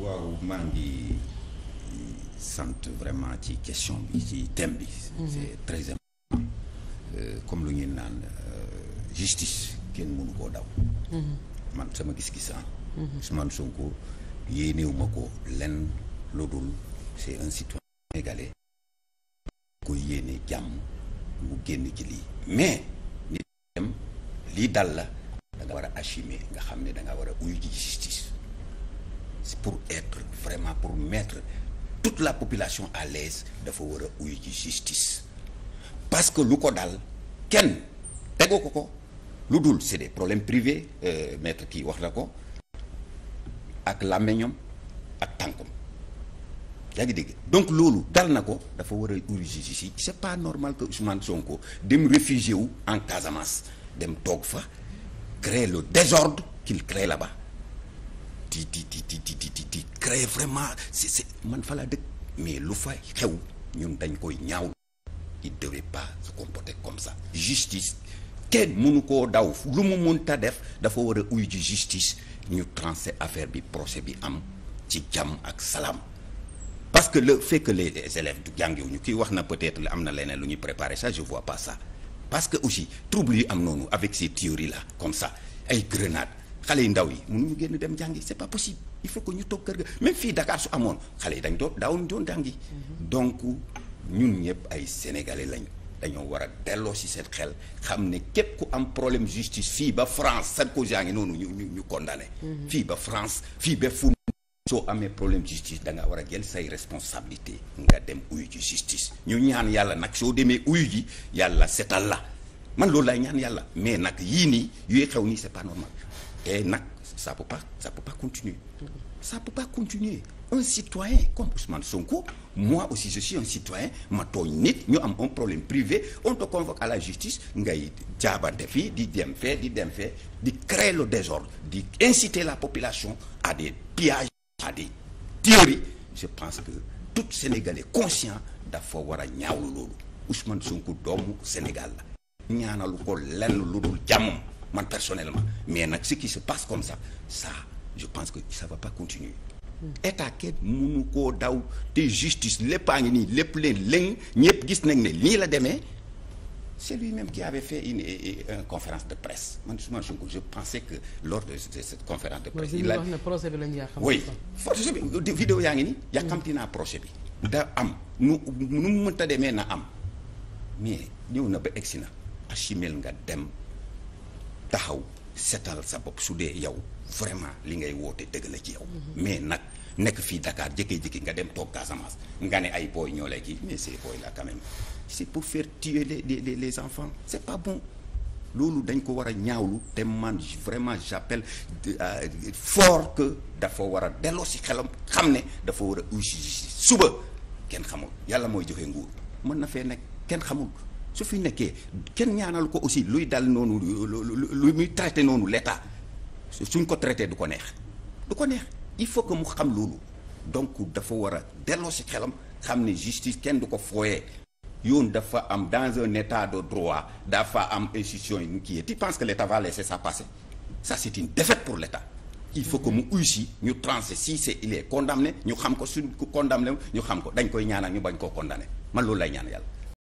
waaw maa ngi sant vraiment ci question bi ci thème bi. Mhm. c'est très euh, comme lu ñuy naan euh, justice kenn mënu koo daw. Mhm. man sama gis-gis ah. Mhm. Ousmane Sonko yéenewu ma ko lenn lu dul c'est un citoyen sénégalais ko yéene jàmm mu génn ci lii mais nit dem lii dal la da nga war a assumer nga xam ne danga nga war a uyu ci justice. pour être vraiment pour mettre toute la population à l'aise dafa war a uyu ci justice parce que lu ko dal kenn tegoo ko ko lu dul c'est des problèmes privés euh, maître kii wax na ko ak làmmeñam ak tànkam yaa ngi dégg donc loolu dal na ko dafa war a urgir ici c'est pas normal que Ousmane Sonko dem réfugié wu en Casamance dem toog fa créer le désordre qu'il crée là-bas di di di di di di di créer vraiment c'est c'est man fa laa dëkk mais lu fa xew ñun dañ koy ñaaw il devrait pas se comporter comme ça justice kenn mënu koo daw lu mu mënta def dafa war a uy ji justice ñu tranché affaire bi procès bi am ci jàmm ak salaam parce que le fait que les élèves du jàngiwuñu kii wax na peut-être la am na leneen lu ñuy préparer ça je vois pas ça parce que aussi trouble yi am noonu avec ces théories là comme ça ay grenades xale yu ndaw yi mënuñu génn dem jàngi c'est pas possible il faut que ñu toog kër ga même fii Dakar su amoon xale yi dañ doon daawuñu doon jàngi mm-hmm. donc ñun ñëpp ay sénégalais lañ dañoo war a delloo si seen xel xam ne képp ku am problème justice fii ba France Sarkozy yaa ngi noonu ñu ñu ñu condamné. Mm-hmm. fii ba France fii ba fu soo amee problème justice da nga war a jël say responsabilité nga dem uyu ji justice ñu ñaan yàlla nag soo demee uyu ji yàlla setal la man loolu laay ñaan yàlla mais nag yii nii xew nii c'est pas normal. te eh, nag ça peut pas ça peut pas continuer ça peut pas continuer un citoyen comme Ousmane Sonko moi aussi je suis un citoyen ma tooñ nit ñu am un problème privé on te convoque à la justice ngay jaabante fii di dem fee di dem fee di créer le désordre di inciter la population à des pillages à des théories je pense que tout Sénégalais conscient dafa war a ñaawlu loolu Ousmane Sonko doomu Sénégal la ñaanalu ko lenn lu dul jàmmam man personnellement mais nag ce qui se passe comme ça ça je pense que ça va pas continuer hmm. état kenn mënu koo daw te justice lépp a ngi nii lépp leen léng ñëpp gis nañ ne lii la demee c'est lui-même qui avait fait une, euh, euh, une, conférence de presse man Ousmane Sonko je pensais que lors de cette conférence de presse. il a wax bi lañu yàqam. oui procès bi vidéo yaa ngi nii. yàqamti naa projet bi. da am nu nu mu mënta demee na am mais ñëw na ba egsi na achimel nga dem. taxaw setal sa bopp su dee yow vraiment li ngay woote dëgg la ci yow. mais nag nekk fii Dakar jékki-jékki nga dem toog Casamance nga ne ay booy ñoo lay kii mais ces booy là quand même c'est pour faire tuer les les les enfants c'est pas bon. loolu dañ ko war a ñaawlu te man vraiment j'appelle euh, fort que dafa war a delloo si xelam xam ne dafa war a usi suba kenn xamul yàlla mooy joxe nguur mën na fee nekk kenn xamul su fi nekkee kenn ñaanal ko aussi luy dal noonu lu muy traité noonu l'État suñ ko traité du ko neex du ko neex il faut que mu xam loolu donc dafa war a delloo si xelam xam ne justice kenn du ko fooyee yoon dafa am dans un état de droit dafa am institution yi kii tu penses que l'État va laisser ça passer ça c'est une défaite pour l'État il faut que mu uysi ñu tranché si c'est il est condamné ñu xam ko suñ ko condamné ñu xam ko dañ koy ñaanal ñu bañ koo condamné man loolu lay ñaan yàlla